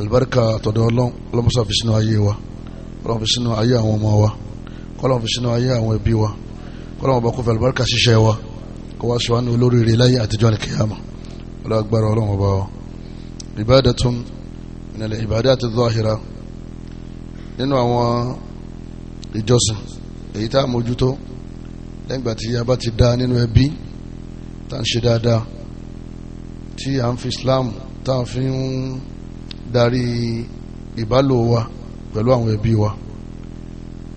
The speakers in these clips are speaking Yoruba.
alibarika tọ̀dọ̀ ọlọ́run ọlọ́mọsá fi sínú ayé wa ọlọ́run fi sínú ayé àwọn ọmọ wa kọ́lọ́run fi sínú ayé àwọn ẹbí wa kọ́lọ́run bá kó fi alibarika ṣiṣẹ́ wa kó wá ṣe wá ní olóríire láyé àtijọ́ àlìkèyàmọ̀ ọlọ́run agbára ọlọ́run ọba wa ibadatun minal ibadati zahira nínú àwọn ìjọsìn èyí tá a mójútó lẹ́gbàá tí a bá ti dá nínú ẹbí tá a ń ṣe dáadáa tí a ń fi Islam tá a fi ń darí ìbálò wa pẹ̀lú àwọn ẹbí wa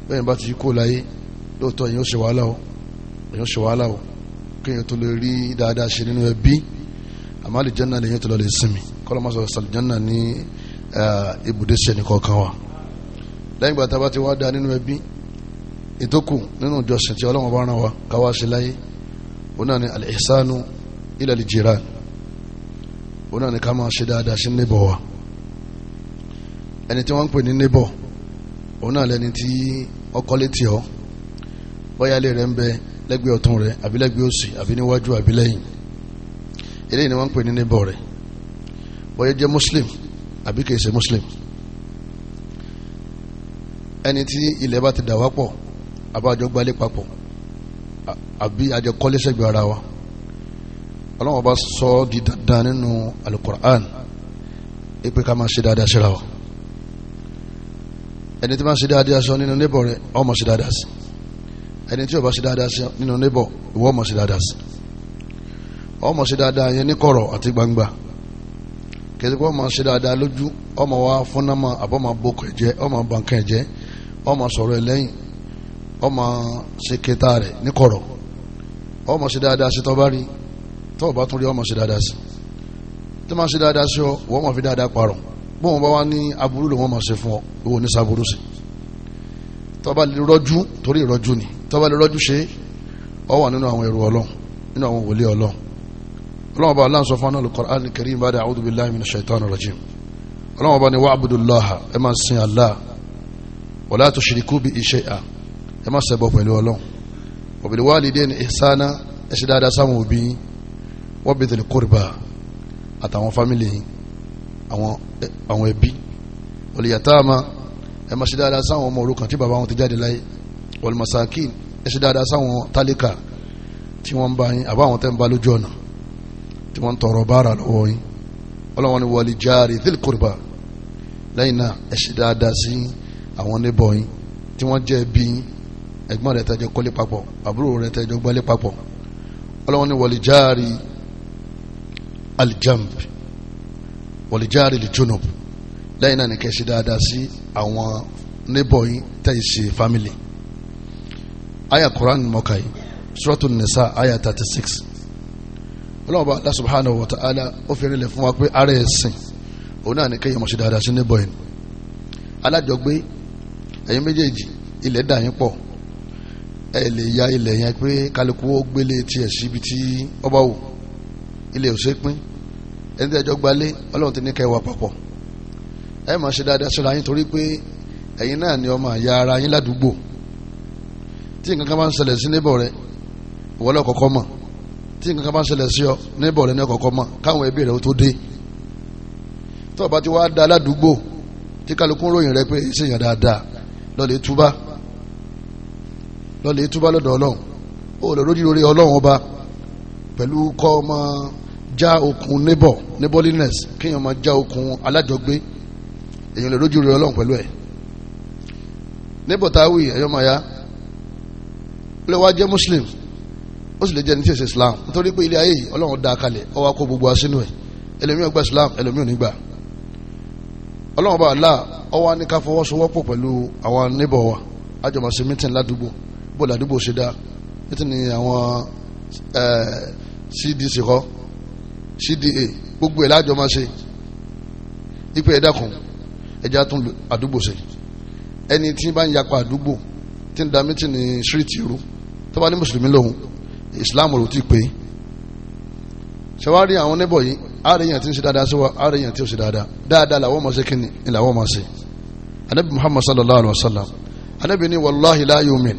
bẹ́ẹ̀ bá ti kó láyé lóòótọ́ èyàn ṣe wàhálà o èyàn ṣe wàhálà o kéèyàn tó lè rí dáadáa ṣe nínú ẹbí àmọ́ àlìjánná lèyàn tó lọ lè sinmi kọ́lọ́mọ́sọ sàlìjánná ní ibùdó ṣe nìkan kan wa lẹ́yìn ìgbà tá a bá ti wá dáa nínú ẹbí ìtókù nínú ìjọsìn tí ọlọ́wọ́n bá rán wa káwá ṣe láyé òun náà ni al-ihsanu ila al-jiran òun náà ni ká máa ṣe dáadáa sí níbọ̀ wa ẹni tí wọ́n ń pè ní neighbor òun náà lẹni tí ọkọ létí ọ bóyá ilé rẹ ń bẹ lẹ́gbẹ̀ẹ́ ọ̀tún rẹ àbí lẹ́gbẹ̀ẹ́ òsì àbí níwájú àbí lẹ́yìn eléyìí ni wọ́n ń pè ní neighbor rẹ bóyá jẹ́ muslim àbí kìí ṣe muslim ẹni tí ilẹ̀ bá ti dà wá pọ̀ àbájọ gbalé papọ̀ àbí àjọ kọ́lé sẹ́gbẹ̀ẹ́ ara wa ọlọ́wọ́n bá sọ ọ́ di dandan nínú alukur'an ipe ká máa ṣe dáadáa síra wa ẹni tí wọ́n ṣe dáadáa sọ nínú níbọ̀ rẹ̀ ọmọ ṣe dáadáa sí ẹni tí ò bá ṣe dáadáa sí nínú níbọ̀ ìwọ ọmọ ṣe dáadáa sí ọmọ ṣe dáadáa yẹn ní kọ̀rọ̀ àti gbangba kẹsì pé ọmọ ṣe dáadáa lójú ọmọ wa fúnnámọ àbọ̀mọ boko ẹ̀jẹ̀ ọmọ bankan ẹ̀jẹ̀ ọmọ sọ̀rọ̀ ẹlẹ́yìn ọmọ ṣe kẹta rẹ̀ ní kọ̀rọ̀ ọmọ ṣe dáadáa sí tọ́ba rí tọ́ba tún rí ọmọ ṣe dáadáa sí tí wọ́n ṣe dáadáa sí ọ wọ́n mọ̀ fi dáadáa parọ̀ bọ́n bá wá ní aburú lòun máa ṣe fún ọ ìwọ ní sáburú sí tọ́ba lè rọ́jú torí ìrọ́jú ni tọ́ba lè rọ́jú ṣe ọ wà nínú àwọn ẹrù ọlọ́run nínú àwọn wòlíì ọlọ́run ọlọ́run bá aláǹsọ fún anáàlú Qur'an Karim bá dé a'udhu billahi minash shaitani rajim ọlọ́run bá ní wà abudullaha ẹ máa sin Allah wala tushriku bi shay'a ẹ máa ṣẹbọ pẹ̀lú ọlọ́run wa bil àwọn àwọn ẹbí olùyàtàmà ẹ máa ṣe dáadáa sáwọn ọmọ òrukàn tí bàbá wọn ti jáde láyé olùmọ̀sákìn ẹ ṣe dáadáa sáwọn tálíkà tí wọ́n ń bá yín àbáwọn tẹ́ ń bá lójú ọ̀nà tí wọ́n ń tọrọ báárà lọ́wọ́ yín ọlọ́wọ́n ni wọlé járe dhil qurba lẹ́yìn náà ẹ dáadáa sí àwọn níbọ̀ yín tí wọ́n jẹ́ bí yín rẹ̀ tẹ́jọ wọ̀lìjáàrì lè jónòbù lẹ́yìn náà ní kẹ́ ṣe dáadáa sí àwọn níbọ̀ yín tẹ́ ì fámìlì aya Quran mọ́ka yìí suratu nisa aya thirty six ọlọ́run bá Allah subhanahu ala ta'ala ó fi rinlẹ̀ fún wa pé ara ẹ̀sìn òun náà ní kẹ́ ìyẹn mọ̀ ṣe dáadáa sí níbọ̀ yín alájọgbé ẹ̀yin méjèèjì ilẹ̀ dà yín pọ̀ ẹ lè ya ilẹ̀ yẹn pé kálukú ó gbélé tiẹ̀ síbi tí ọba wò ilẹ̀ ò ẹni tí ẹjọ́ gbalé ọlọ́run ti ní kẹwàá papọ̀ ẹ máa ṣe dáadáa sọ́ra yín torí pé ẹ̀yin náà ni ọmọ àyà ara yín ládùúgbò tí nǹkan kan bá ń ṣẹlẹ̀ sí níbọ̀ rẹ ìwọ lọ kọ́kọ́ mọ̀ tí nǹkan kan bá ń ṣẹlẹ̀ sí ọ níbọ̀ rẹ ní ọkọ̀ọ̀kọ́ mọ̀ káwọn ẹbí rẹ ó tó dé tó o bá ti wá da ládùúgbò tí kálukú ròyìn rẹ pé ṣèyàn dáadáa lọ́lẹ̀ túbá lọ́lẹ̀ túbá lọ́dọ̀ ọlọ́run ó lọ lójú lórí ọlọ́run ọba pẹ̀lú kọ́ ọmọ já okun neighbor neighborliness kéèyàn máa já okun alájọgbé èèyàn lè lójú rẹ ọlọ́run pẹ̀lú ẹ̀ neighbor tá ẹ̀yọ́ máa ya ó lè wá jẹ́ muslim ó sì lè jẹ́ ní tẹ̀sẹ̀ islam nítorí pé ilé ayé ọlọ́run dá a kalẹ̀ ó wá kó gbogbo wa sínú ẹ̀ ẹlòmíràn gba islam ẹlòmíràn nígbà ọlọ́run bá là ó wá ní ká fọwọ́sowọ́pọ̀ pẹ̀lú àwọn neighbor wa àjọmọ̀ sí mítìn ládùúgbò bó ládùúgbò ṣe dá mítìn ni àwọn CDC eh, kọ́ cda gbogbo ẹ̀ lájọ máa ṣe ipe ẹ̀dá kan ẹja àdúgbò ṣe ẹni tí bá ń yapa àdúgbò tí ń da mítì ní síríìtì rú tó bá ní mùsùlùmí lòun ìsìláàmù rò ti pé ṣàwárí àwọn níbọ̀ yìí àárẹ̀yàn tí ń ṣe dáadáa sí wa àárẹ̀yàn tí ó ṣe dáadáa dáadáa làwọn máa ṣe kíni làwọn máa ṣe anabi muhammad sallallahu alaihi wa sallam anabi ni wàláhi láyọ̀mìn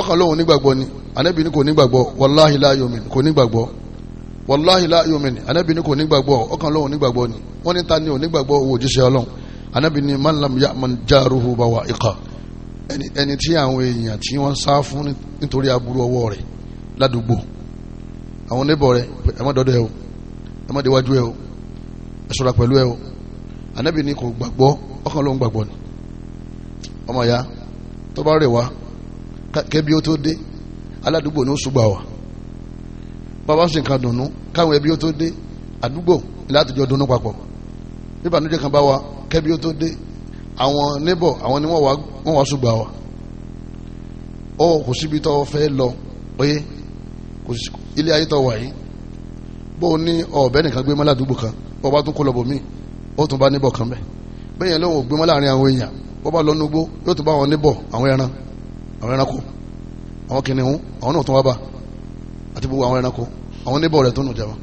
ọkàn lóhun nígbàgbọ́ ni anabi ni kò nígbàgbọ́ wàláhi láyọ̀mìn kò nígbàgbọ́ wàláhi la yomin anabi ni kò nígbàgbọ́ ọkàn lóhùn nígbàgbọ́ ni wọ́n ní ta ni ò nígbàgbọ́ owó òjíṣẹ́ ọlọ́run anabi ni man lam ya'man jaruhu bawa'iqa ẹni tí àwọn èèyàn tí wọ́n sá fún nítorí aburú ọwọ́ rẹ̀ ládùúgbò àwọn níbọ̀ rẹ̀ ẹ má dọ́dọ̀ ẹ o ẹ má déwájú ẹ o ẹ ṣọ́ra pẹ̀lú o anabi ni kò gbàgbọ́ ọkàn lóhùn gbàgbọ́ ni ọmọ ya tó bá rẹ̀ wá kẹ́bí tó dé aládùúgbò ni ó ṣùgbà wà bàbá sì kan dùnú káwọn ẹbí ó tó dé àdúgbò láti jọ dùnú papọ̀ bí kan bá wa kẹ́bí ó tó dé àwọn níbọ̀ àwọn ni wọ́n wá ṣùgbọ́n wa ó kò síbi tó fẹ́ lọ oyé kò sí ilé ayé tó wà yìí o ní ọ̀bẹ nìkan gbé mọ́ ládùúgbò kan bó o bá tún kó lọ bò míì ó tún bá níbọ̀ kan bẹ̀ bẹ́ẹ̀ yẹn lóun ò gbé mọ́ láàrin àwọn èèyàn bó lọ nugbó yóò tún bá àwọn níbọ̀ àwọn ẹran àwọn ẹranko àwọn kìnìún àwọn náà tún wá bá a àti gbogbo àwọn ẹranko àwọn oníbọ̀ rẹ̀ tó nù jẹba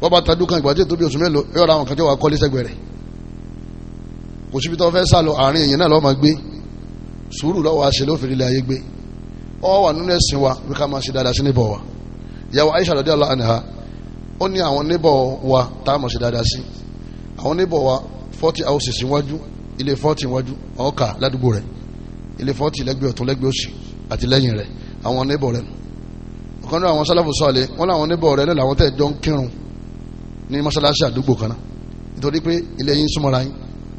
wọ́n bá ta dúkan ìgbà tí ètò bí oṣù mélòó yóò ra kan tí wàá kọ́lé sẹ́gbẹ̀ẹ́ kò síbi tó fẹ́ sá lọ àárín èèyàn náà lọ́ọ́ máa gbé sùúrù lọ́wọ́ àṣẹ ló fìdílé ayé gbé ọ wà nínú ẹ̀sìn wa bí ká máa ṣe dáadáa sí níbọ̀ wa ìyàwó Aisha radiyallahu anha ó ní àwọn níbọ̀ wa tá a máa ṣe dáadáa sí àwọn níbọ̀ wa forty houses iwájú ilé forty iwájú ọkà ládùúgbò rẹ̀ ilé forty lẹ́gbẹ̀ẹ́ ọ̀tún àti lẹ́yìn rẹ̀ àwọn níbọ̀ rẹ̀ nù ọ̀kan náà àwọn sálàfù sọ̀lẹ̀ wọn làwọn oníbọ̀ rẹ̀ náà làwọn tẹ̀ jọ ń kírun ní mọ́sálásí àdúgbò kan náà nítorí pé ilé yín súnmọ́ra yín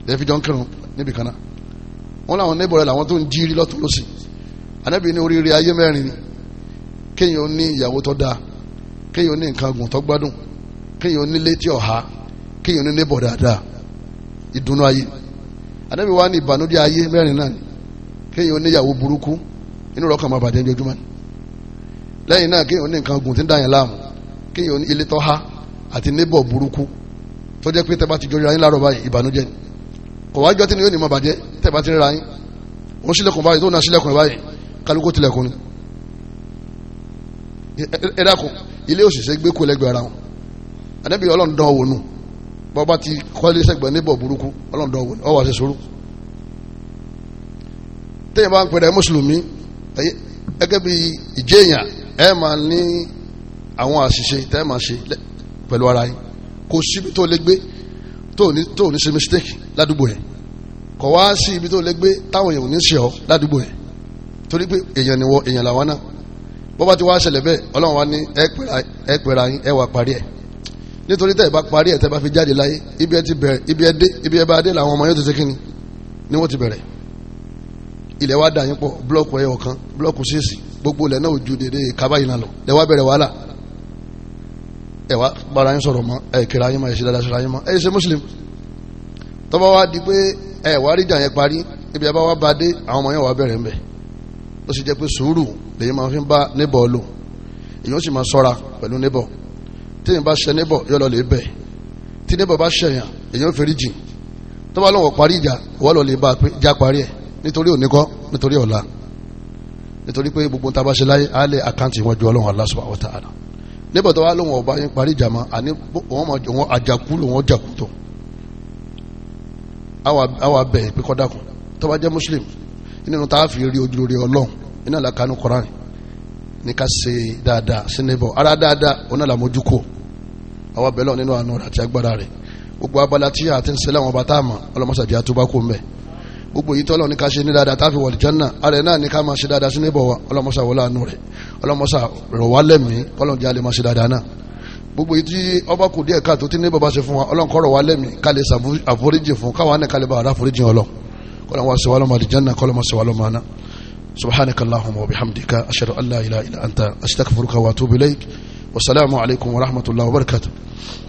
lè fi jọ ń kírun níbi kan náà wọn làwọn oníbọ̀ rẹ̀ làwọn tó ń jírí lọ́tún lọ́sì ní oríire ayé mẹ́rin ni kéèyàn ó ní ìyàwó tó dáa kéèyàn ó ní nǹkan gùn tó gbádùn kéèyàn ó ní létí ọ̀há kéèyàn ó ní níbọ̀ dáadáa ìdùnnú ni kéèyàn ó ní ìyàwó burúkú lẹ́yìn náà kéèyàn ní nǹkan ogun tí ń dá yẹn láàmú kéèyàn ní ilé tọ́há àti nébọ̀ burúkú tó jẹ́ pé tẹ́bá ti jọ ayé láàrọ̀ báyìí ìbànújẹ́ ni kò wá jọ́ tí ni yóò ní mọ̀ bàjẹ́ tẹ́bá ti ríra yín òun sílẹ̀kùn báyìí tó náà sílẹ̀kùn báyìí kálukú tilẹ̀kùn ni ẹ dákun ilé òṣìṣẹ́ gbé kó lẹ́gbẹ̀ẹ́ ara wọn nù ẹ máa ní àwọn àṣìṣe tẹ́ ẹ máa ṣe pẹ̀lú ara yín kò síbi tó lè gbé tó ní tó ní ṣe mistake ládùúgbò yẹn kò wá sí ibi tó lè gbé táwọn èèyàn ò ní ṣe ọ ládùúgbò yẹn torí pé èèyàn ni wọ èèyàn làwọn náà bó bá ti wá ṣẹlẹ̀ bẹ́ẹ̀ ọlọ́run wa ní ẹ pẹ̀ra yín ẹ wà parí ẹ̀ nítorí tẹ́ ẹ bá parí ẹ̀ tẹ́ bá fi jáde láyé ibi ẹ ti bẹ̀rẹ̀ ibi ẹ dé ibi ẹ bá dé làwọn ọmọ yóò ti ṣe kíni ni wọ́n ti bẹ̀rẹ̀ ilẹ̀ wa dà yín pọ̀ blọ́ọ̀kù ẹyọ kan blọ́ọ̀kù ṣèṣì gbogbo ilẹ̀ náà ò dédé kaba yìí náà lọ ẹ wá bẹ̀rẹ̀ wàhálà ẹ wá bára yín sọ̀rọ̀ mọ́ ẹ kẹra yín mọ́ ẹ ṣe dáadáa ṣọra yín mọ́ ẹ ṣe muslim tọ́ba wa di pé ẹ wá rí ìjà yẹn parí ibi àbá wa bá dé àwọn ọmọ yẹn wà bẹ̀rẹ̀ ńbẹ̀ ó sì jẹ́ pé sùúrù lèyìn máa fi ń bá níbọ̀ lò èyàn sì máa sọ́ra pẹ̀lú parí ìjà wọ́n bá a pé já parí ẹ̀ nítorí òní kọ́ nítorí ọ̀la nítorí pé gbogbo tá a bá ṣe láyé á lè àkáǹtì wọn ju ọlọ́run Allah subhanahu wa ta'ala níbọ̀ tó wá lóun ọba yín parí ìjàmọ́ àní wọ́n máa jọ àjàkú lòun ọjàkú tó àwa bẹ̀ pé kọ́ dákun tó bá jẹ́ muslim nínú tá a fi rí ojú rere ọlọ́run iná làkánú koran ní ká ṣe dáadáa sí níbọ̀ ara dáadáa oná làmójú kò àwa bẹ̀ lọ́ọ̀ nínú àánú rẹ̀ àti agbára rẹ̀ gbogbo abala tí a ti ń ṣe láwọn ọba tá a mọ̀ ọlọ́mọṣàdì àtúbákò mẹ́ẹ̀ gbogbo yìí tọ́lọ̀ ní ká ṣe ní dáadáa táfi wọ̀lì jẹ́nà ààrẹ náà ní ká máa ṣe dáadáa sí níbọ̀ wa ọlọ́mọṣà wọlé àánú rẹ̀ ọlọ́mọṣà rọ̀ wá lẹ́mìí kọ́lọ̀ jẹ́ àlẹ́ máa ṣe dáadáa náà gbogbo yìí tí ọba kù díẹ̀ káàtó tí níbọ̀ bá ṣe fún wa ọlọ́nkọ́ rọ̀ wá lẹ́mìí ká lè ṣàforíjì fún káwa náà ká lè bá ara foríjì سبحانك اللهم وبحمدك أشهد أن لا إله إلا أنت أستغفرك وأتوب إليك والسلام عليكم ورحمة الله وبركاته